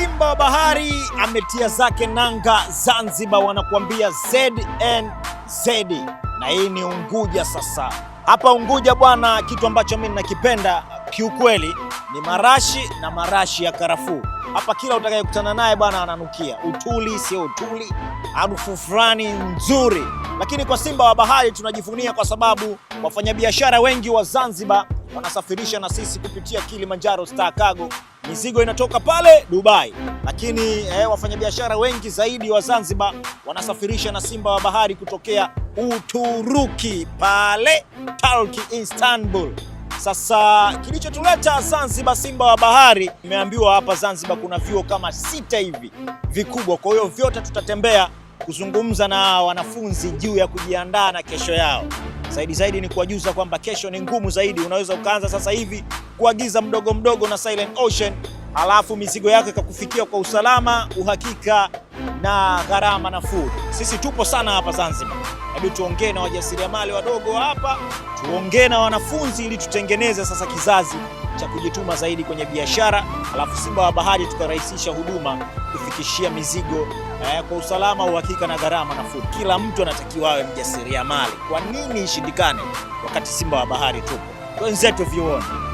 Simba wa Bahari ametia zake nanga Zanzibar, wanakuambia ZNZ, na hii ni Unguja. Sasa hapa Unguja bwana, kitu ambacho mimi ninakipenda kiukweli ni marashi na marashi ya karafuu. Hapa kila utakayekutana naye bwana ananukia utuli, sio utuli, harufu fulani nzuri. Lakini kwa Simba wa Bahari tunajivunia kwa sababu wafanyabiashara wengi wa Zanzibar wanasafirisha na sisi kupitia Kilimanjaro Star Cargo mizigo inatoka pale Dubai, lakini eh, wafanyabiashara wengi zaidi wa Zanzibar wanasafirisha na Simba wa Bahari kutokea Uturuki pale Turkey Istanbul. Sasa kilichotuleta Zanzibar Simba wa Bahari, nimeambiwa hapa Zanzibar kuna vyuo kama sita hivi vikubwa, kwa hiyo vyote tutatembea kuzungumza na wanafunzi juu ya kujiandaa na kesho yao. Zaidi zaidi ni kuwajuza kwamba kesho ni ngumu zaidi, unaweza ukaanza sasa hivi kuagiza mdogo mdogo na Silent Ocean, alafu mizigo yake ikakufikia kwa usalama, uhakika na gharama nafuu. Sisi tupo sana hapa Zanzibar, hebu tuongee na wajasiriamali wadogo hapa, tuongee na wanafunzi ili tutengeneze sasa kizazi cha kujituma zaidi kwenye biashara, alafu Simba wa Bahari tukarahisisha huduma kufikishia mizigo eh, kwa usalama, uhakika na gharama nafuu. Kila mtu anatakiwa awe mjasiriamali. Kwa nini ishindikane wakati Simba wa Bahari tupo? Wenzetu vione